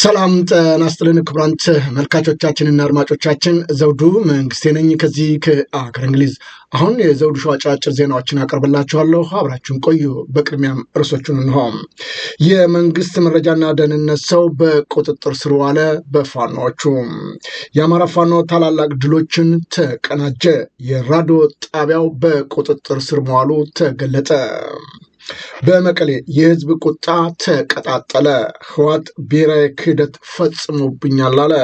ሰላም ጤና ይስጥልን ክቡራን ተመልካቾቻችንና አድማጮቻችን ዘውዱ መንግስቴ ነኝ ከዚህ ከአገር እንግሊዝ። አሁን የዘውዱ ሾው አጫጭር ዜናዎችን አቀርብላችኋለሁ፣ አብራችሁን ቆዩ። በቅድሚያም እርሶቹን እንሆ። የመንግስት መረጃና ደህንነት ሰው በቁጥጥር ስር ዋለ። በፋኖዎቹ የአማራ ፋኖ ታላላቅ ድሎችን ተቀናጀ። የራዲዮ ጣቢያው በቁጥጥር ስር መዋሉ ተገለጠ። በመቀሌ የህዝብ ቁጣ ተቀጣጠለ። ህወሓት ብሔራዊ ክህደት ፈጽሞብኛል አለ።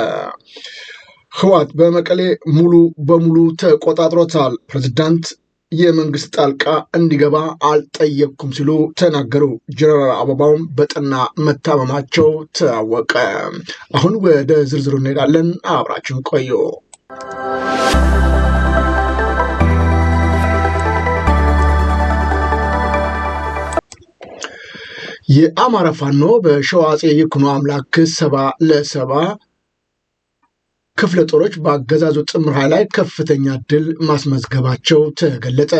ህወሓት በመቀሌ ሙሉ በሙሉ ተቆጣጥሮታል። ፕሬዚዳንት የመንግስት ጣልቃ እንዲገባ አልጠየቅኩም ሲሉ ተናገሩ። ጀነራል አበባውም በጠና መታመማቸው ታወቀ። አሁን ወደ ዝርዝሩ እንሄዳለን። አብራችን ቆዩ። የአማራ ፋኖ በሸዋ አጼ ይኩኖ አምላክ ሰባ ለሰባ ክፍለ ጦሮች በአገዛዙ ጥምር ኃይል ላይ ከፍተኛ ድል ማስመዝገባቸው ተገለጠ።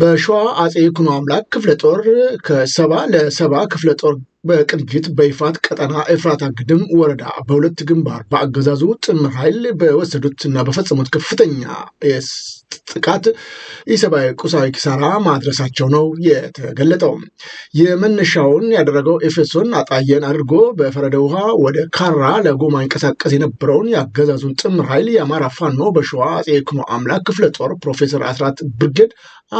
በሸዋ አጼ ይኩኖ አምላክ ክፍለ ጦር ከሰባ ለሰባ ክፍለ ጦር በቅንጅት በይፋት ቀጠና ኤፍራታ ግድም ወረዳ በሁለት ግንባር በአገዛዙ ጥምር ኃይል በወሰዱትና በፈጸሙት ከፍተኛ ጥቃት የሰብአዊ ቁሳዊ ኪሳራ ማድረሳቸው ነው የተገለጠው። የመነሻውን ያደረገው ኤፌሶን አጣየን አድርጎ በፈረደ ውሃ ወደ ካራ ለጎማ ይንቀሳቀስ የነበረውን የአገዛዙን ጥምር ኃይል የአማራ ፋኖ በሸዋ አጼ ይኩኖ አምላክ ክፍለ ጦር ፕሮፌሰር አስራት ብርጌድ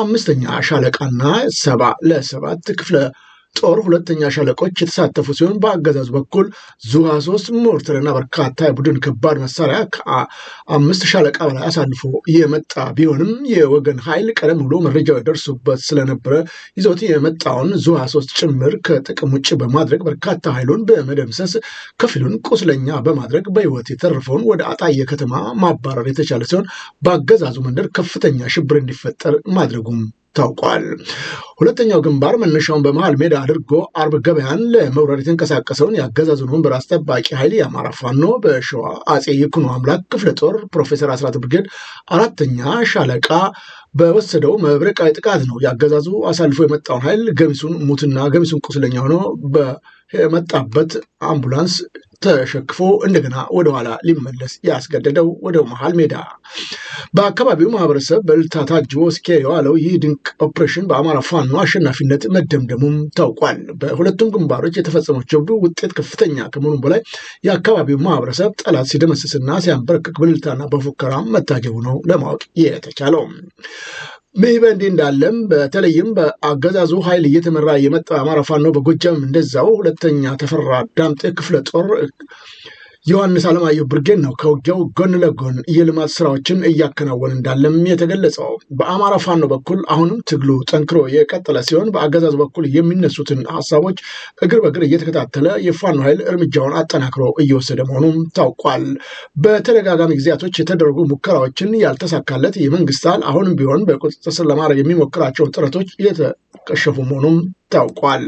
አምስተኛ ሻለቃና ሰባ ለሰባት ክፍለ ጦር ሁለተኛ ሸለቆች የተሳተፉ ሲሆን በአገዛዙ በኩል ዙሃ ሶስት ሞርተርና በርካታ የቡድን ከባድ መሳሪያ ከአምስት ሻለቃ በላይ አሳልፎ የመጣ ቢሆንም የወገን ኃይል ቀደም ብሎ መረጃው የደርሱበት ስለነበረ ይዞት የመጣውን ዙሃ ሶስት ጭምር ከጥቅም ውጭ በማድረግ በርካታ ኃይሉን በመደምሰስ ከፊሉን ቁስለኛ በማድረግ በህይወት የተረፈውን ወደ አጣየ ከተማ ማባረር የተቻለ ሲሆን በአገዛዙ መንደር ከፍተኛ ሽብር እንዲፈጠር ማድረጉም ታውቋል። ሁለተኛው ግንባር መነሻውን በመሃል ሜዳ አድርጎ አርብ ገበያን ለመውረድ የተንቀሳቀሰውን የአገዛዙን ወንበር አስጠባቂ ኃይል የአማራ ፋኖ በሸዋ አጼ ይኩኖ አምላክ ክፍለ ጦር ፕሮፌሰር አስራት ብርጌድ አራተኛ ሻለቃ በወሰደው መብረቃዊ ጥቃት ነው። የአገዛዙ አሳልፎ የመጣውን ኃይል ገሚሱን ሙትና ገሚሱን ቁስለኛ ሆኖ በመጣበት አምቡላንስ ተሸክፎ እንደገና ወደኋላ ሊመለስ ያስገደደው ወደ መሃል ሜዳ። በአካባቢው ማህበረሰብ በእልልታ ታጅቦ ሲካሄድ የዋለው ይህ ድንቅ ኦፕሬሽን በአማራ ፋኖ አሸናፊነት መደምደሙም ታውቋል። በሁለቱም ግንባሮች የተፈጸመው ጀብዱ ውጤት ከፍተኛ ከመሆኑ በላይ የአካባቢው ማህበረሰብ ጠላት ሲደመስስና ሲያንበረክክ በእልልታና በፉከራ መታጀቡ ነው ለማወቅ የተቻለው። ይህ በእንዲህ እንዳለም በተለይም በአገዛዙ ኃይል እየተመራ የመጣ አማራ ፋኖ በጎጃም እንደዛው ሁለተኛ ተፈራ ዳምጤ ክፍለ ጦር ዮሐንስ አለማየሁ ብርጌን ነው ከውጊያው ጎን ለጎን የልማት ስራዎችን እያከናወን እንዳለም የተገለጸው። በአማራ ፋኖ በኩል አሁንም ትግሉ ጠንክሮ የቀጠለ ሲሆን በአገዛዝ በኩል የሚነሱትን ሀሳቦች እግር በእግር እየተከታተለ የፋኖ ኃይል እርምጃውን አጠናክሮ እየወሰደ መሆኑም ታውቋል። በተደጋጋሚ ጊዜያቶች የተደረጉ ሙከራዎችን ያልተሳካለት የመንግስት ኃይል አሁንም ቢሆን በቁጥጥር ስር ለማድረግ የሚሞክራቸውን ጥረቶች እየተከሸፉ መሆኑም ታውቋል።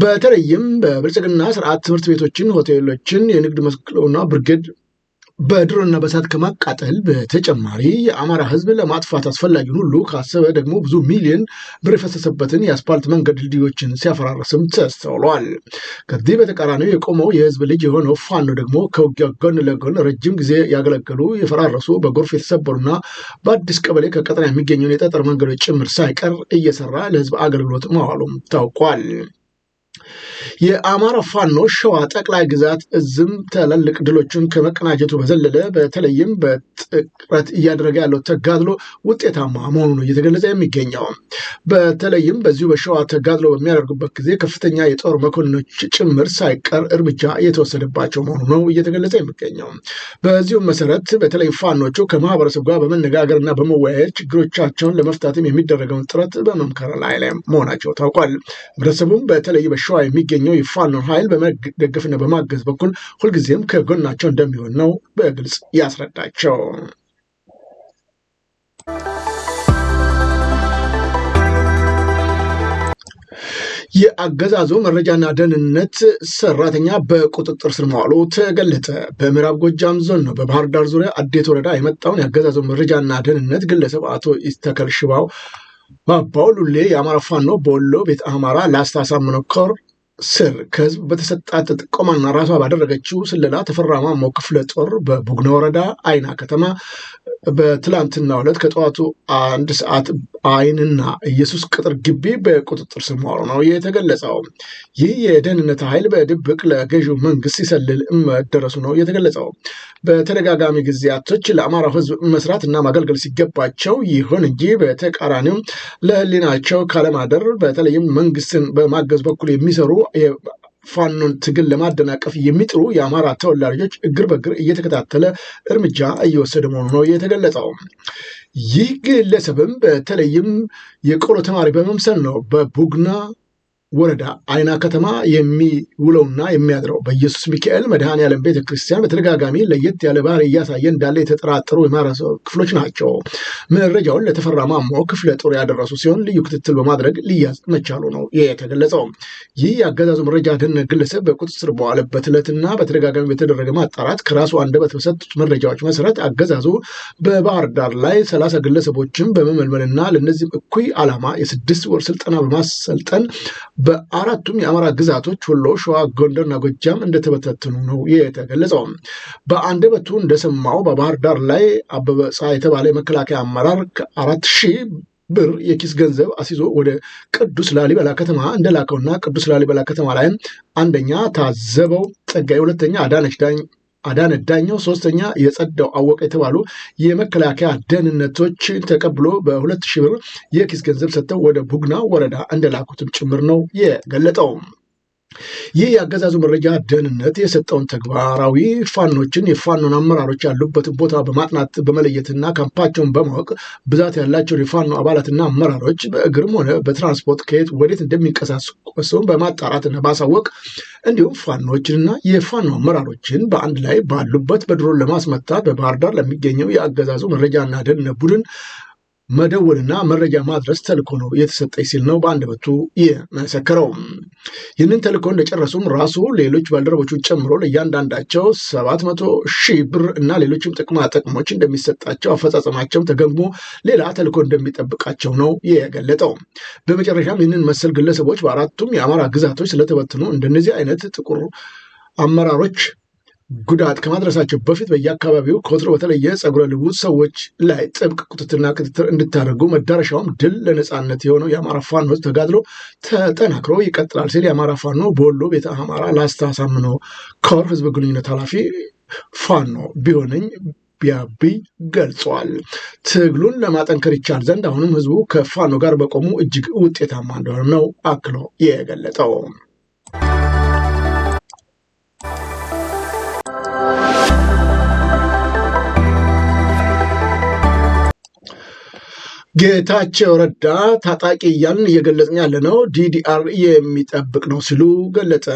በተለይም በብልጽግና ስርዓት ትምህርት ቤቶችን፣ ሆቴሎችን፣ የንግድ መስክና ብርግድ በድሮና በሳት ከማቃጠል በተጨማሪ የአማራ ህዝብ ለማጥፋት አስፈላጊውን ሁሉ ካሰበ ደግሞ ብዙ ሚሊዮን ብር የፈሰሰበትን የአስፓልት መንገድ ድልድዮችን ሲያፈራረስም ተስተውሏል። ከዚህ በተቃራኒው የቆመው የህዝብ ልጅ የሆነው ፋኖ ደግሞ ከውጊያ ጎን ለጎን ረጅም ጊዜ ያገለገሉ የፈራረሱ በጎርፍ የተሰበሩና በአዲስ ቀበሌ ከቀጠና የሚገኘውን የጠጠር መንገዶች ጭምር ሳይቀር እየሰራ ለህዝብ አገልግሎት መዋሉም ታውቋል። የአማራ ፋኖ ሸዋ ጠቅላይ ግዛት እዝም ትላልቅ ድሎችን ከመቀናጀቱ በዘለለ በተለይም በጥቅረት እያደረገ ያለው ተጋድሎ ውጤታማ መሆኑ ነው እየተገለጸ የሚገኘው። በተለይም በዚሁ በሸዋ ተጋድሎ በሚያደርጉበት ጊዜ ከፍተኛ የጦር መኮንኖች ጭምር ሳይቀር እርምጃ እየተወሰደባቸው መሆኑ ነው እየተገለጸ የሚገኘው። በዚሁም መሰረት በተለይ ፋኖቹ ከማህበረሰቡ ጋር በመነጋገርና በመወያየት ችግሮቻቸውን ለመፍታትም የሚደረገውን ጥረት በመምከር ላይ ላይ መሆናቸው ታውቋል። ህብረተሰቡም በተለይ በሸዋ የሚገኘው የፋኖ ኃይል በመደገፍና በማገዝ በኩል ሁልጊዜም ከጎናቸው እንደሚሆን ነው በግልጽ ያስረዳቸው። የአገዛዙ መረጃና ደህንነት ሰራተኛ በቁጥጥር ስር መዋሉ ተገለጠ። በምዕራብ ጎጃም ዞን ነው በባህር ዳር ዙሪያ አዴት ወረዳ የመጣውን የአገዛዙ መረጃና ደህንነት ግለሰብ አቶ ኢስተከል ሽባው ባባው ሉሌ የአማራ ፋኖ በወሎ ቤት አማራ ላስታ ሳምነው ኮር ስር ከህዝብ በተሰጣት ጥቆማና ራሷ ባደረገችው ስለላ ተፈራ ማሞ ክፍለ ጦር በቡግና ወረዳ አይና ከተማ በትላንትና ዕለት ከጠዋቱ አንድ ሰዓት አይንና ኢየሱስ ቅጥር ግቢ በቁጥጥር ስር መዋሉ ነው የተገለጸው። ይህ የደህንነት ኃይል በድብቅ ለገዢው መንግስት ሲሰልል መደረሱ ነው የተገለጸው። በተደጋጋሚ ጊዜያቶች ለአማራው ህዝብ እና ማገልገል ሲገባቸው፣ ይሁን እንጂ በተቃራኒው ለህሊናቸው ካለማደር በተለይም መንግስትን በማገዝ በኩል የሚሰሩ ፋኖን ትግል ለማደናቀፍ የሚጥሩ የአማራ ተወላጆች እግር በእግር እየተከታተለ እርምጃ እየወሰደ መሆኑ ነው የተገለጸው። ይህ ግለሰብም በተለይም የቆሎ ተማሪ በመምሰል ነው በቡግና ወረዳ አይና ከተማ የሚውለውና የሚያድረው በኢየሱስ ሚካኤል መድኃኔ ዓለም ቤተ ክርስቲያን በተደጋጋሚ ለየት ያለ ባህሪ እያሳየ እንዳለ የተጠራጠሩ የማህበረሰብ ክፍሎች ናቸው። መረጃውን ለተፈራ ማሞ ክፍለ ጦር ያደረሱ ሲሆን ልዩ ክትትል በማድረግ ሊያዝ መቻሉ ነው የተገለጸው። ይህ የአገዛዙ መረጃ ደህንነት ግለሰብ በቁጥጥር በዋለበት ዕለትና በተደጋጋሚ በተደረገ ማጣራት ከራሱ አንደበት በሰጡት መረጃዎች መሰረት አገዛዙ በባህር ዳር ላይ ሰላሳ ግለሰቦችን በመመልመልና ለእነዚህም እኩይ ዓላማ የስድስት ወር ስልጠና በማሰልጠን በአራቱም የአማራ ግዛቶች ወሎ፣ ሸዋ፣ ጎንደርና ጎጃም እንደተበታተኑ ነው የተገለጸው። በአንደበቱ እንደሰማው በባህር ዳር ላይ አበበ የተባለ የመከላከያ አመራር ከአራት ሺህ ብር የኪስ ገንዘብ አስይዞ ወደ ቅዱስ ላሊበላ ከተማ እንደላከውና ቅዱስ ላሊበላ ከተማ ላይም አንደኛ ታዘበው ጸጋይ፣ ሁለተኛ አዳነች ዳኝ አዳነ ዳኘው፣ ሶስተኛ የጸዳው አወቀ የተባሉ የመከላከያ ደህንነቶችን ተቀብሎ በሁለት ሺህ ብር የኪስ ገንዘብ ሰጥተው ወደ ቡግና ወረዳ እንደላኩትም ጭምር ነው የገለጠው። ይህ የአገዛዙ መረጃ ደህንነት የሰጠውን ተግባራዊ ፋኖችን የፋኖን አመራሮች ያሉበትን ቦታ በማጥናት በመለየትና ካምፓቸውን በማወቅ ብዛት ያላቸውን የፋኖ አባላትና አመራሮች በእግርም ሆነ በትራንስፖርት ከየት ወዴት እንደሚንቀሳቀሱን በማጣራትና ማሳወቅ እንዲሁም ፋኖችንና የፋኖ አመራሮችን በአንድ ላይ ባሉበት በድሮን ለማስመታት በባህር ዳር ለሚገኘው የአገዛዙ መረጃና ደህንነት ቡድን መደወልና መረጃ ማድረስ ተልኮ ነው የተሰጠኝ ሲል ነው በአንደበቱ የመሰከረው። ይህንን ተልኮ እንደጨረሱም ራሱ ሌሎች ባልደረቦቹን ጨምሮ ለእያንዳንዳቸው ሰባት መቶ ሺህ ብር እና ሌሎችም ጥቅማ ጥቅሞች እንደሚሰጣቸው አፈጻጸማቸው ተገምግሞ ሌላ ተልኮ እንደሚጠብቃቸው ነው የገለጠው። በመጨረሻም ይህንን መሰል ግለሰቦች በአራቱም የአማራ ግዛቶች ስለተበትኑ እንደነዚህ አይነት ጥቁር አመራሮች ጉዳት ከማድረሳቸው በፊት በየአካባቢው ከወትሮ በተለየ ጸጉረ ልውጥ ሰዎች ላይ ጥብቅ ቁጥጥርና ክትትል እንድታደርጉ መዳረሻውም ድል ለነጻነት የሆነው የአማራ ፋኖ ህዝብ ተጋድሎ ተጠናክሮ ይቀጥላል ሲል የአማራ ፋኖ በወሎ ቤተ አማራ ላስታ አሳምኖ ኮር ህዝብ ግንኙነት ኃላፊ ፋኖ ቢሆንኝ ቢያብይ ገልጿል። ትግሉን ለማጠንከር ይቻል ዘንድ አሁንም ህዝቡ ከፋኖ ጋር በቆሙ እጅግ ውጤታማ እንደሆነ ነው አክሎ የገለጠው። ጌታቸው ረዳ ታጣቂ እያልን እየገለጽን ያለ ነው ዲዲአር የሚጠብቅ ነው ሲሉ ገለጸ።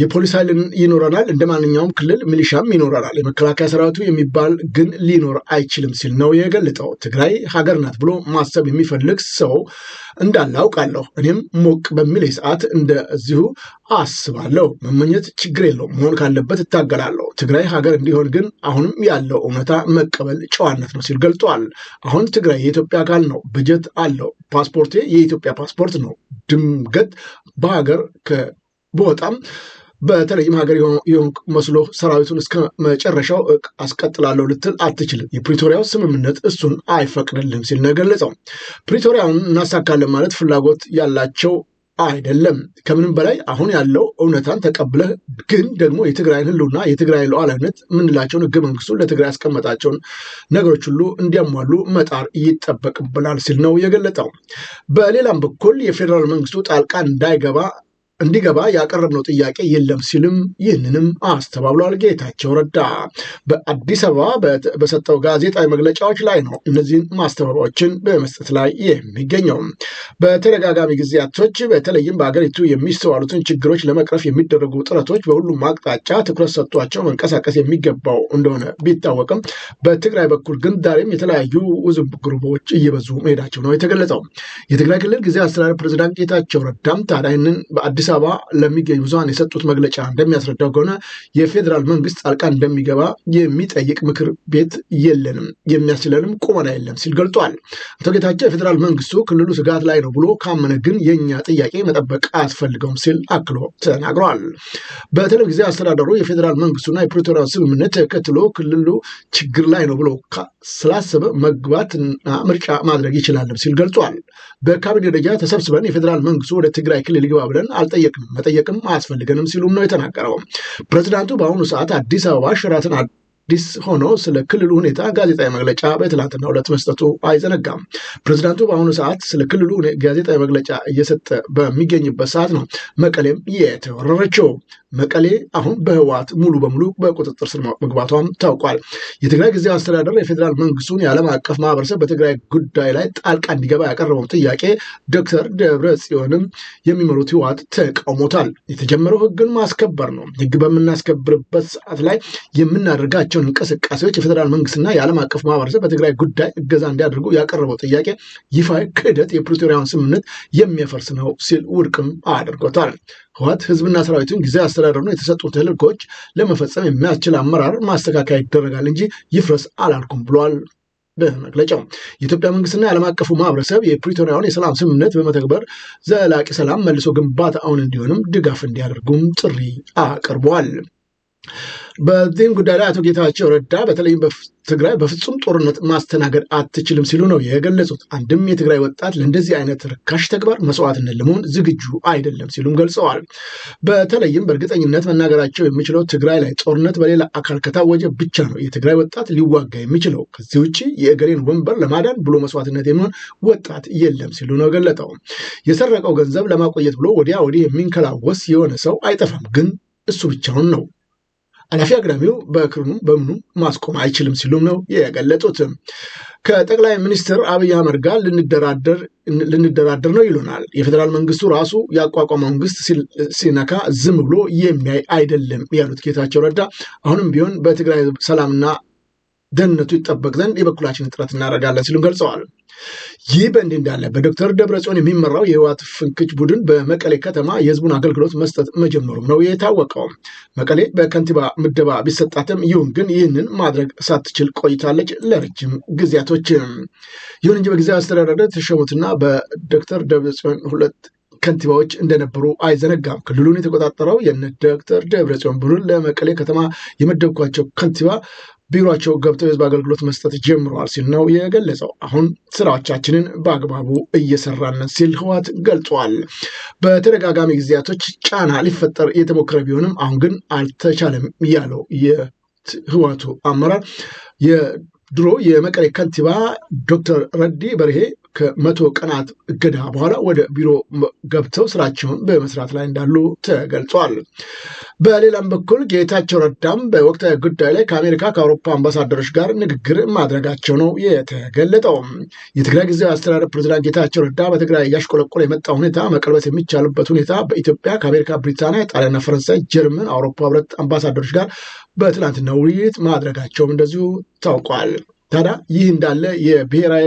የፖሊስ ኃይልን ይኖረናል፣ እንደ ማንኛውም ክልል ሚሊሻም ይኖረናል፣ የመከላከያ ሰራዊቱ የሚባል ግን ሊኖር አይችልም ሲል ነው የገለጠው። ትግራይ ሀገር ናት ብሎ ማሰብ የሚፈልግ ሰው እንዳለ አውቃለሁ። እኔም ሞቅ በሚል ሰዓት እንደዚሁ አስባለሁ። መመኘት ችግር የለውም። መሆን ካለበት እታገላለሁ። ትግራይ ሀገር እንዲሆን ግን አሁንም ያለው እውነታ መቀበል ጨዋነት ነው ሲል ገልጧል። አሁን ትግራይ የኢትዮጵያ አካል ነው። በጀት አለው። ፓስፖርቴ የኢትዮጵያ ፓስፖርት ነው። ድንገት በሀገር በወጣም በተለይም ሀገር የሆንክ መስሎ ሰራዊቱን እስከ መጨረሻው አስቀጥላለሁ ልትል አትችልም። የፕሪቶሪያው ስምምነት እሱን አይፈቅድልም ሲል ነው የገለጸው። ፕሪቶሪያውን እናሳካለን ማለት ፍላጎት ያላቸው አይደለም። ከምንም በላይ አሁን ያለው እውነታን ተቀብለህ ግን ደግሞ የትግራይን ህልውና የትግራይ ሉዓላዊነት የምንላቸውን ህገ መንግስቱ ለትግራይ ያስቀመጣቸውን ነገሮች ሁሉ እንዲያሟሉ መጣር ይጠበቅብናል ሲል ነው የገለጠው። በሌላም በኩል የፌዴራል መንግስቱ ጣልቃ እንዳይገባ እንዲገባ ያቀረብነው ጥያቄ የለም ሲልም ይህንንም አስተባብሏል። ጌታቸው ረዳ በአዲስ አበባ በሰጠው ጋዜጣዊ መግለጫዎች ላይ ነው እነዚህን ማስተባበያዎችን በመስጠት ላይ የሚገኘው። በተደጋጋሚ ጊዜያቶች በተለይም በሀገሪቱ የሚስተዋሉትን ችግሮች ለመቅረፍ የሚደረጉ ጥረቶች በሁሉም አቅጣጫ ትኩረት ሰጥቷቸው መንቀሳቀስ የሚገባው እንደሆነ ቢታወቅም በትግራይ በኩል ግን ዛሬም የተለያዩ ግሩቦች እየበዙ መሄዳቸው ነው የተገለጸው። የትግራይ ክልል ጊዜያዊ አስተዳደር ፕሬዚዳንት ጌታቸው ረዳም ታዲያ ይህንን በአዲስ አዲስ አበባ ለሚገኙ ብዙሃን የሰጡት መግለጫ እንደሚያስረዳው ከሆነ የፌዴራል መንግስት ጣልቃ እንደሚገባ የሚጠይቅ ምክር ቤት የለንም፣ የሚያስችለንም ቁመና የለም ሲል ገልጧል። አቶ ጌታቸው የፌዴራል መንግስቱ ክልሉ ስጋት ላይ ነው ብሎ ካመነ ግን የእኛ ጥያቄ መጠበቅ አያስፈልገውም ሲል አክሎ ተናግረዋል። በተለይ ጊዜ አስተዳደሩ የፌዴራል መንግስቱና የፕሪቶሪያ ስምምነት ተከትሎ ክልሉ ችግር ላይ ነው ብሎ ስላሰበ መግባትና ምርጫ ማድረግ ይችላል ሲል ገልጿል። በካቢኔ ደረጃ ተሰብስበን የፌዴራል መንግስቱ ወደ ትግራይ ክልል ይግባ ብለን አልጠ መጠየቅም አያስፈልገንም ሲሉም ነው የተናገረው። ፕሬዚዳንቱ በአሁኑ ሰዓት አዲስ አበባ ሽራትን አዲስ ሆኖ ስለ ክልሉ ሁኔታ ጋዜጣዊ መግለጫ በትላንትናው ሁለት መስጠቱ አይዘነጋም። ፕሬዚዳንቱ በአሁኑ ሰዓት ስለ ክልሉ ጋዜጣዊ መግለጫ እየሰጠ በሚገኝበት ሰዓት ነው መቀሌም የተወረረችው። መቀሌ አሁን በህወሓት ሙሉ በሙሉ በቁጥጥር ስር መግባቷም ታውቋል። የትግራይ ጊዜያዊ አስተዳደር የፌዴራል መንግስቱን የዓለም አቀፍ ማህበረሰብ በትግራይ ጉዳይ ላይ ጣልቃ እንዲገባ ያቀረበው ጥያቄ ዶክተር ደብረ ጽዮንም የሚመሩት ህወሓት ተቃውሞታል። የተጀመረው ህግን ማስከበር ነው። ህግ በምናስከብርበት ሰዓት ላይ የምናደርጋቸው ያላቸውን እንቅስቃሴዎች የፌዴራል መንግስትና የዓለም አቀፍ ማህበረሰብ በትግራይ ጉዳይ እገዛ እንዲያደርጉ ያቀረበው ጥያቄ ይፋ ክህደት፣ የፕሪቶሪያውን ስምምነት የሚያፈርስ ነው ሲል ውድቅም አድርጎታል። ህወሓት ህዝብና ሰራዊቱን ጊዜ አስተዳደሩን የተሰጡ ተልእኮች ለመፈጸም የሚያስችል አመራር ማስተካከያ ይደረጋል እንጂ ይፍረስ አላልኩም ብሏል። በመግለጫው የኢትዮጵያ መንግስትና የዓለም አቀፉ ማህበረሰብ የፕሪቶሪያውን የሰላም ስምምነት በመተግበር ዘላቂ ሰላም መልሶ ግንባታ አሁን እንዲሆንም ድጋፍ እንዲያደርጉም ጥሪ አቅርበዋል። በዚህም ጉዳይ ላይ አቶ ጌታቸው ረዳ በተለይም ትግራይ በፍጹም ጦርነት ማስተናገድ አትችልም ሲሉ ነው የገለጹት። አንድም የትግራይ ወጣት ለእንደዚህ አይነት ርካሽ ተግባር መስዋዕትነት ለመሆን ዝግጁ አይደለም ሲሉም ገልጸዋል። በተለይም በእርግጠኝነት መናገራቸው የሚችለው ትግራይ ላይ ጦርነት በሌላ አካል ከታወጀ ብቻ ነው የትግራይ ወጣት ሊዋጋ የሚችለው። ከዚህ ውጭ የእገሌን ወንበር ለማዳን ብሎ መስዋዕትነት የሚሆን ወጣት የለም ሲሉ ነው ገለጠው። የሰረቀው ገንዘብ ለማቆየት ብሎ ወዲያ ወዲህ የሚንከላወስ የሆነ ሰው አይጠፋም፣ ግን እሱ ብቻውን ነው አላፊ አግዳሚው በክሩም በምኑ ማስቆም አይችልም ሲሉም ነው የገለጹት። ከጠቅላይ ሚኒስትር አብይ አህመድ ጋር ልንደራደር ነው ይሉናል። የፌዴራል መንግስቱ ራሱ ያቋቋመው መንግስት ሲነካ ዝም ብሎ የሚያይ አይደለም ያሉት ጌታቸው ረዳ አሁንም ቢሆን በትግራይ ሰላምና ደህንነቱ ይጠበቅ ዘንድ የበኩላችን ጥረት እናደርጋለን ሲሉም ገልጸዋል። ይህ በእንዲህ እንዳለ በዶክተር ደብረጽዮን የሚመራው የህወሓት ፍንክች ቡድን በመቀሌ ከተማ የህዝቡን አገልግሎት መስጠት መጀመሩም ነው የታወቀው። መቀሌ በከንቲባ ምደባ ቢሰጣትም ይሁን ግን ይህንን ማድረግ ሳትችል ቆይታለች ለረጅም ጊዜያቶች ይሁን እንጂ በጊዜ አስተዳደር የተሾሙትና በዶክተር ደብረጽዮን ሁለት ከንቲባዎች እንደነበሩ አይዘነጋም። ክልሉን የተቆጣጠረው የነ ዶክተር ደብረጽዮን ቡድን ለመቀሌ ከተማ የመደብኳቸው ከንቲባ ቢሮቸው ገብተው የህዝብ አገልግሎት መስጠት ጀምረዋል ሲል ነው የገለጸው። አሁን ስራዎቻችንን በአግባቡ እየሰራን ሲል ህወሓት ገልጿል። በተደጋጋሚ ጊዜያቶች ጫና ሊፈጠር የተሞከረ ቢሆንም አሁን ግን አልተቻለም ያለው የህወሓቱ አመራር የድሮ የመቀሌ ከንቲባ ዶክተር ረዲ በርሄ ከመቶ ቀናት እገዳ በኋላ ወደ ቢሮ ገብተው ስራቸውን በመስራት ላይ እንዳሉ ተገልጿል። በሌላም በኩል ጌታቸው ረዳም በወቅታዊ ጉዳይ ላይ ከአሜሪካ ከአውሮፓ አምባሳደሮች ጋር ንግግር ማድረጋቸው ነው የተገለጠው። የትግራይ ጊዜያዊ አስተዳደር ፕሬዚዳንት ጌታቸው ረዳ በትግራይ እያሽቆለቆለ የመጣ ሁኔታ መቀልበስ የሚቻልበት ሁኔታ በኢትዮጵያ ከአሜሪካ፣ ብሪታንያ፣ ጣሊያንና ፈረንሳይ፣ ጀርመን፣ አውሮፓ ህብረት አምባሳደሮች ጋር በትናንትና ውይይት ማድረጋቸውም እንደዚሁ ታውቋል። ታዲያ ይህ እንዳለ የብሔራዊ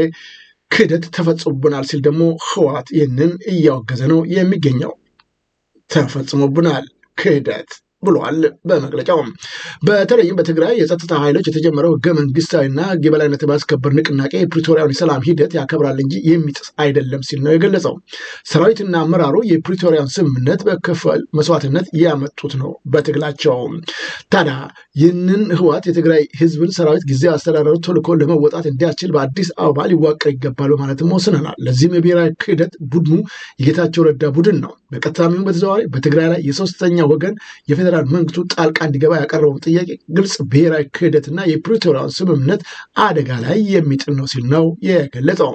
ክህደት ተፈጽሞብናል ሲል ደግሞ ህወሓት ይህንን እያወገዘ ነው የሚገኘው። ተፈጽሞብናል ክህደት ብሏል። በመግለጫው በተለይም በትግራይ የጸጥታ ኃይሎች የተጀመረው ህገ መንግስታዊና ህግ የበላይነት ማስከበር ንቅናቄ የፕሪቶሪያውን የሰላም ሂደት ያከብራል እንጂ የሚጥስ አይደለም ሲል ነው የገለጸው። ሰራዊትና አመራሩ የፕሪቶሪያውን ስምምነት በከፈል መስዋዕትነት ያመጡት ነው በትግላቸው። ታዲያ ይህንን ህወሓት የትግራይ ህዝብን ሰራዊት ጊዜ አስተዳደሩ ተልዕኮ ለመወጣት እንዲያስችል በአዲስ አበባ ሊዋቀር ይገባል በማለትም ወስነናል። ለዚህም የብሔራዊ ክህደት ቡድኑ የጌታቸው ረዳ ቡድን ነው። በቀጥታም ይሁን በተዘዋዋሪ በትግራይ ላይ የሶስተኛ ወገን የፌደ ፌዴራል መንግስቱ ጣልቃ እንዲገባ ያቀረበው ጥያቄ ግልጽ ብሔራዊ ክህደትና የፕሪቶሪያን ስምምነት አደጋ ላይ የሚጥል ነው ሲል ነው የገለጸው።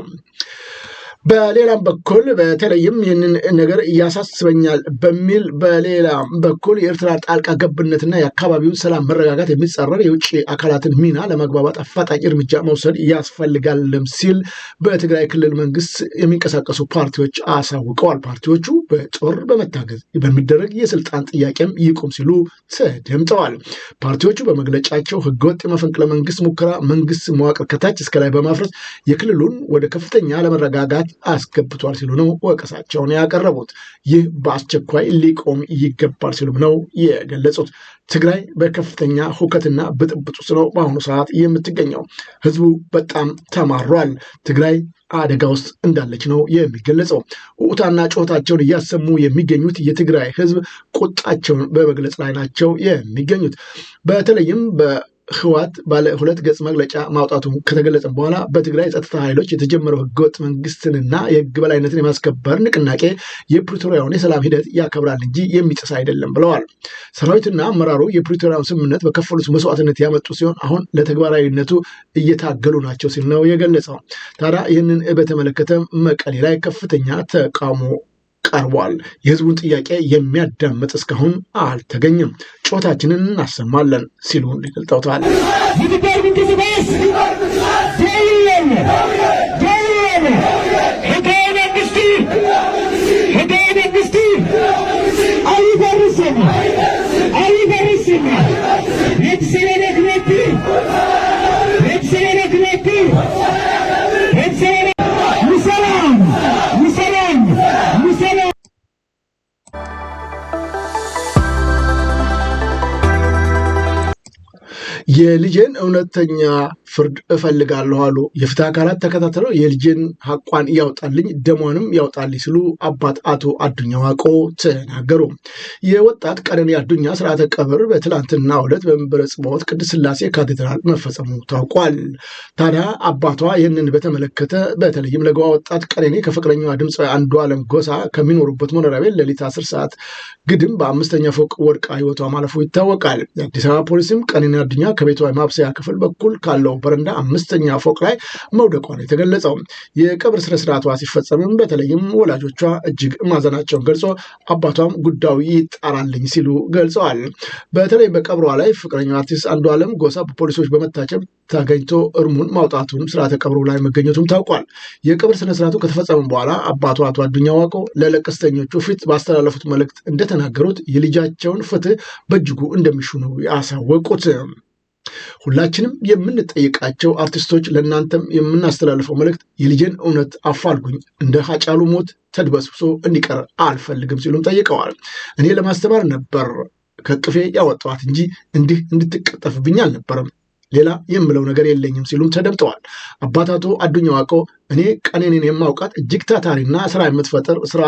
በሌላም በኩል በተለይም ይህንን ነገር ያሳስበኛል በሚል በሌላ በኩል የኤርትራ ጣልቃ ገብነትና የአካባቢውን ሰላም መረጋጋት የሚጸረር የውጭ አካላትን ሚና ለመግባባት አፋጣኝ እርምጃ መውሰድ ያስፈልጋልም ሲል በትግራይ ክልል መንግስት የሚንቀሳቀሱ ፓርቲዎች አሳውቀዋል። ፓርቲዎቹ በጦር በመታገዝ በሚደረግ የስልጣን ጥያቄም ይቁም ሲሉ ተደምጠዋል። ፓርቲዎቹ በመግለጫቸው ህገወጥ የመፈንቅለ መንግስት ሙከራ መንግስት መዋቅር ከታች እስከላይ በማፍረስ የክልሉን ወደ ከፍተኛ ለመረጋጋት አስገብቷል ሲሉ ነው ወቀሳቸውን ያቀረቡት። ይህ በአስቸኳይ ሊቆም ይገባል ሲሉም ነው የገለጹት። ትግራይ በከፍተኛ ሁከትና ብጥብጥ ውስጥ ነው በአሁኑ ሰዓት የምትገኘው። ህዝቡ በጣም ተማሯል። ትግራይ አደጋ ውስጥ እንዳለች ነው የሚገለጸው። ውታና ጩኸታቸውን እያሰሙ የሚገኙት የትግራይ ህዝብ ቁጣቸውን በመግለጽ ላይ ናቸው የሚገኙት በተለይም ህዋት ባለ ሁለት ገጽ መግለጫ ማውጣቱ ከተገለጸ በኋላ በትግራይ የጸጥታ ኃይሎች የተጀመረው ህገወጥ መንግስትንና የህግ በላይነትን የማስከበር ንቅናቄ የፕሪቶሪያውን የሰላም ሂደት ያከብራል እንጂ የሚጥስ አይደለም ብለዋል። ሰራዊትና አመራሩ የፕሪቶሪያውን ስምምነት በከፈሉት መስዋዕትነት ያመጡ ሲሆን አሁን ለተግባራዊነቱ እየታገሉ ናቸው ሲል ነው የገለጸው። ታዲያ ይህንን በተመለከተ መቀሌ ላይ ከፍተኛ ተቃውሞ ቀርቧል። የህዝቡን ጥያቄ የሚያዳምጥ እስካሁን አልተገኘም። ጩኸታችንን እናሰማለን ሲሉ ገልጠውታል። ይህን እውነተኛ ፍርድ እፈልጋለሁ አሉ። የፍትህ አካላት ተከታትለው የልጅን ሀቋን ያውጣልኝ፣ ደሟንም ያውጣልኝ ሲሉ አባት አቶ አዱኛ ዋቆ ተናገሩ። የወጣት ቀነኒ አዱኛ ስርዓተ ቀብር በትላንትና ዕለት በመንበረ ጽባዖት ቅድስት ስላሴ ካቴድራል መፈጸሙ ታውቋል። ታዲያ አባቷ ይህንን በተመለከተ በተለይም ለገዋ ወጣት ቀነኒ ከፍቅረኛዋ ድምፃዊ አንዱዓለም ጎሳ ከሚኖሩበት መኖሪያ ቤት ሌሊት አስር ሰዓት ግድም በአምስተኛ ፎቅ ወድቃ ህይወቷ ማለፉ ይታወቃል። የአዲስ አበባ ፖሊስም ቀነኒ አዱኛ ከቤቷ ማብሰያ ክፍል በኩል ካለው በረንዳ አምስተኛ ፎቅ ላይ መውደቋ ነው የተገለጸው። የቀብር ስነስርዓቷ ሲፈጸምም በተለይም ወላጆቿ እጅግ ማዘናቸውን ገልጾ አባቷም ጉዳዩ ይጣራልኝ ሲሉ ገልጸዋል። በተለይ በቀብሯ ላይ ፍቅረኛው አርቲስት አንዱዓለም ጎሳ በፖሊሶች በመታጨብ ተገኝቶ እርሙን ማውጣቱን ስርዓተ ቀብሩ ላይ መገኘቱም ታውቋል። የቀብር ስነስርዓቱ ከተፈጸመ በኋላ አባቷ አቶ አዱኛ ዋቆ ለለቀስተኞቹ ፊት ባስተላለፉት መልእክት እንደተናገሩት የልጃቸውን ፍትህ በእጅጉ እንደሚሹ ነው ያሳወቁት። ሁላችንም የምንጠይቃቸው አርቲስቶች ለእናንተም የምናስተላልፈው መልእክት የልጄን እውነት አፋልጉኝ፣ እንደ ሀጫሉ ሞት ተድበስብሶ እንዲቀር አልፈልግም ሲሉም ጠይቀዋል። እኔ ለማስተማር ነበር ከቅፌ ያወጣዋት እንጂ እንዲህ እንድትቀጠፍብኝ አልነበረም። ሌላ የምለው ነገር የለኝም ሲሉም ተደምጠዋል። አባታቶ አቶ አዱኛ እኔ ቀኔኔን የማውቃት እጅግ ታታሪና ስራ የምትፈጥር ስራ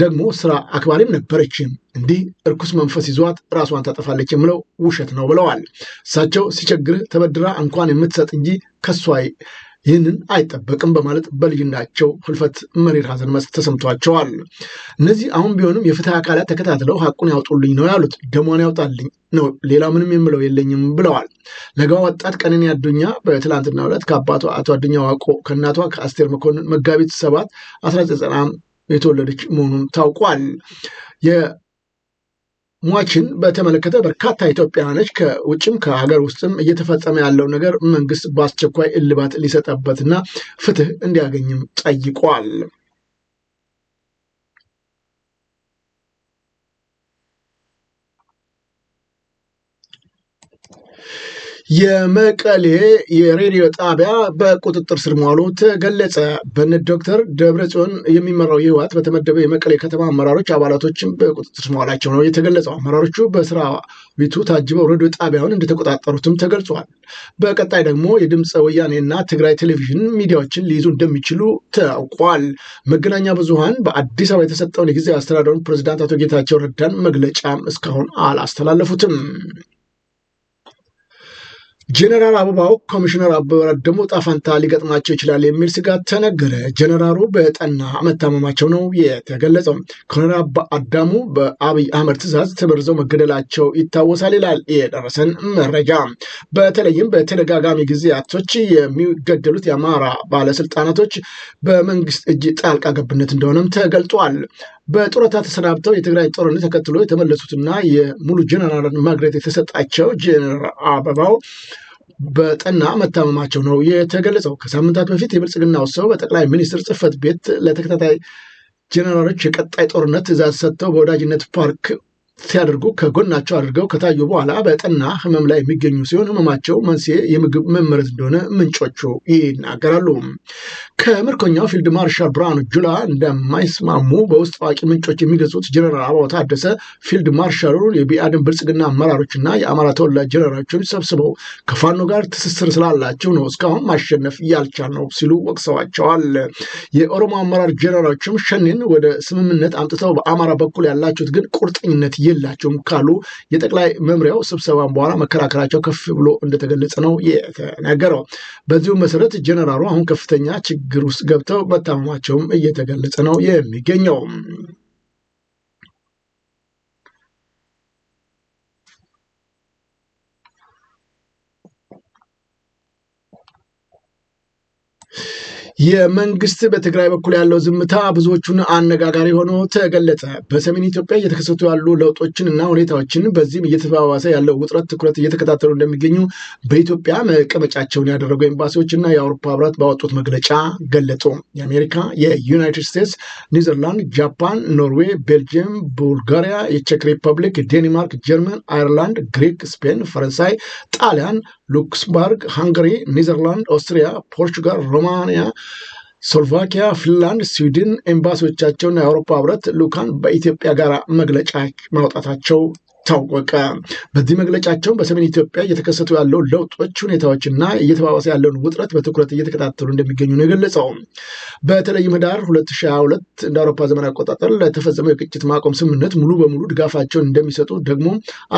ደግሞ ስራ አክባሪም ነበረችም እንዲህ እርኩስ መንፈስ ይዟት ራሷን ታጠፋለች የምለው ውሸት ነው ብለዋል። እሳቸው ሲቸግርህ ተበድራ እንኳን የምትሰጥ እንጂ ከሷ ይህንን አይጠበቅም በማለት በልጅናቸው ህልፈት መሪር ሀዘን መስ ተሰምቷቸዋል። እነዚህ አሁን ቢሆንም የፍትህ አካላት ተከታትለው ሀቁን ያውጡልኝ ነው ያሉት። ደሟን ያውጣልኝ ነው ሌላ ምንም የምለው የለኝም ብለዋል። ለጋ ወጣት ቀነኒ አዱኛ በትላንትና ዕለት ከአባቷ አቶ አዱኛ ዋቆ ከእናቷ ከአስቴር መኮንን መጋቢት ሰባት 19 የተወለደች መሆኑን ታውቋል። ሟችን በተመለከተ በርካታ ኢትዮጵያውያኖች ከውጭም ከሀገር ውስጥም እየተፈጸመ ያለው ነገር መንግስት በአስቸኳይ እልባት ሊሰጠበትና ፍትህ እንዲያገኝም ጠይቋል። የመቀሌ የሬዲዮ ጣቢያ በቁጥጥር ስር መዋሉ ተገለጸ። በነ ዶክተር ደብረጽዮን የሚመራው ህወሓት በተመደበ የመቀሌ ከተማ አመራሮች አባላቶችን በቁጥጥር ስር መዋላቸው ነው የተገለጸው። አመራሮቹ በስራ ቤቱ ታጅበው ሬዲዮ ጣቢያውን እንደተቆጣጠሩትም ተገልጿል። በቀጣይ ደግሞ የድምፀ ወያኔና ትግራይ ቴሌቪዥን ሚዲያዎችን ሊይዙ እንደሚችሉ ታውቋል። መገናኛ ብዙሃን በአዲስ አበባ የተሰጠውን የጊዜ አስተዳደሩን ፕሬዚዳንት አቶ ጌታቸው ረዳን መግለጫም እስካሁን አላስተላለፉትም። ጀነራል አበባው ኮሚሽነር አበበ ደግሞ ሊገጥማቸው ይችላል የሚል ስጋት ተነገረ። ጀነራሉ በጠና መታመማቸው ነው የተገለጸው። ኮሎኔል አዳሙ በአብይ አህመድ ትእዛዝ ተመርዘው መገደላቸው ይታወሳል ይላል የደረሰን መረጃ። በተለይም በተደጋጋሚ ጊዜያቶች የሚገደሉት የአማራ ባለስልጣናቶች በመንግስት እጅ ጣልቃ ገብነት እንደሆነም ተገልጧል። በጡረታ ተሰናብተው የትግራይ ጦርነት ተከትሎ የተመለሱትና የሙሉ ጀነራል ማዕረግ የተሰጣቸው ጀነራል አበባው በጠና መታመማቸው ነው የተገለጸው። ከሳምንታት በፊት የብልጽግናው ሰው በጠቅላይ ሚኒስትር ጽህፈት ቤት ለተከታታይ ጀነራሎች የቀጣይ ጦርነት ትዕዛዝ ሰጥተው በወዳጅነት ፓርክ ሲያደርጉ ከጎናቸው አድርገው ከታዩ በኋላ በጠና ህመም ላይ የሚገኙ ሲሆን ህመማቸው መንስኤ የምግብ መመረት እንደሆነ ምንጮቹ ይናገራሉ። ከምርኮኛው ፊልድ ማርሻል ብርሃኑ ጁላ እንደማይስማሙ በውስጥ አዋቂ ምንጮች የሚገልጹት ጀነራል አበባው ታደሰ ፊልድ ማርሻሉ የቢአድን ብልጽግና አመራሮችና የአማራ ተወላጅ ጀነራሎችን ሰብስበው ከፋኖ ጋር ትስስር ስላላቸው ነው እስካሁን ማሸነፍ ነው ሲሉ ወቅሰዋቸዋል። የኦሮሞ አመራር ጀነራሎችም ሸኔን ወደ ስምምነት አምጥተው በአማራ በኩል ያላችሁት ግን ቁርጠኝነት የላቸውም ካሉ የጠቅላይ መምሪያው ስብሰባን በኋላ መከራከራቸው ከፍ ብሎ እንደተገለጸ ነው የተነገረው። በዚሁ መሰረት ጀነራሉ አሁን ከፍተኛ ችግር ውስጥ ገብተው መታመማቸውም እየተገለጸ ነው የሚገኘው። የመንግስት በትግራይ በኩል ያለው ዝምታ ብዙዎቹን አነጋጋሪ ሆኖ ተገለጸ። በሰሜን ኢትዮጵያ እየተከሰቱ ያሉ ለውጦችን እና ሁኔታዎችን በዚህም እየተባባሰ ያለው ውጥረት ትኩረት እየተከታተሉ እንደሚገኙ በኢትዮጵያ መቀመጫቸውን ያደረጉ ኤምባሲዎች እና የአውሮፓ ህብረት ባወጡት መግለጫ ገለጡ የአሜሪካ፣ የዩናይትድ ስቴትስ፣ ኒዘርላንድ፣ ጃፓን፣ ኖርዌይ፣ ቤልጅየም፣ ቡልጋሪያ፣ የቼክ ሪፐብሊክ፣ ዴንማርክ፣ ጀርመን፣ አይርላንድ ግሪክ፣ ስፔን፣ ፈረንሳይ፣ ጣሊያን ሉክስበርግ፣ ሃንጋሪ፣ ኔዘርላንድ፣ ኦስትሪያ፣ ፖርቹጋል፣ ሮማንያ ስሎቫኪያ፣ ፊንላንድ፣ ስዊድን ኤምባሲዎቻቸውና የአውሮፓ ህብረት ሉካን በኢትዮጵያ ጋር መግለጫ ማውጣታቸው ታወቀ። በዚህ መግለጫቸውን በሰሜን ኢትዮጵያ እየተከሰቱ ያለው ለውጦች ሁኔታዎችና እየተባባሰ ያለውን ውጥረት በትኩረት እየተከታተሉ እንደሚገኙ ነው የገለጸው። በተለይም ህዳር 2022 እንደ አውሮፓ ዘመን አቆጣጠር ለተፈጸመው የግጭት ማቆም ስምምነት ሙሉ በሙሉ ድጋፋቸውን እንደሚሰጡ ደግሞ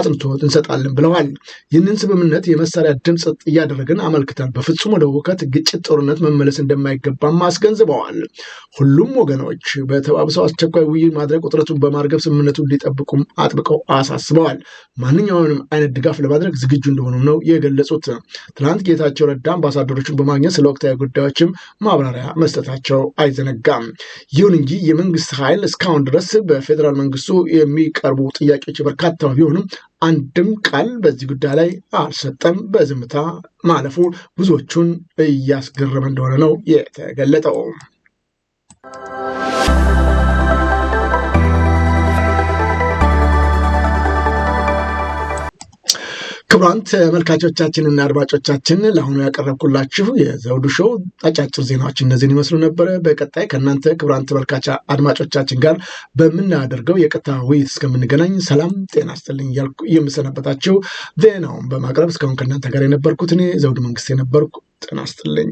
አጥንቶ እንሰጣለን ብለዋል። ይህንን ስምምነት የመሳሪያ ድምፅ እያደረግን አመልክተን በፍጹም ወደ ውከት፣ ግጭት፣ ጦርነት መመለስ እንደማይገባም አስገንዝበዋል። ሁሉም ወገኖች በተባብሰው አስቸኳይ ውይይት ማድረግ ውጥረቱን በማርገብ ስምምነቱን ሊጠብቁም አጥብቀው አሳስበዋል። አስበዋል። ማንኛውንም አይነት ድጋፍ ለማድረግ ዝግጁ እንደሆኑ ነው የገለጹት። ትናንት ጌታቸው ረዳ አምባሳደሮችን በማግኘት ስለ ወቅታዊ ጉዳዮችም ማብራሪያ መስጠታቸው አይዘነጋም። ይሁን እንጂ የመንግስት ኃይል እስካሁን ድረስ በፌዴራል መንግስቱ የሚቀርቡ ጥያቄዎች በርካታ ቢሆኑም አንድም ቃል በዚህ ጉዳይ ላይ አልሰጠም። በዝምታ ማለፉ ብዙዎቹን እያስገረመ እንደሆነ ነው የተገለጠው። ክቡራን ተመልካቾቻችንና አድማጮቻችን ለአሁኑ ያቀረብኩላችሁ የዘውዱ ሾው አጫጭር ዜናዎች እነዚህን ይመስሉ ነበረ። በቀጣይ ከእናንተ ክቡራን ተመልካች አድማጮቻችን ጋር በምናደርገው የቀጥታ ውይይት እስከምንገናኝ ሰላም ጤና ስጥልኝ እያልኩ የምሰናበታችሁ ዜናውን በማቅረብ እስካሁን ከእናንተ ጋር የነበርኩት እኔ ዘውዱ መንግስት የነበርኩ ጤና ይስጥልኝ።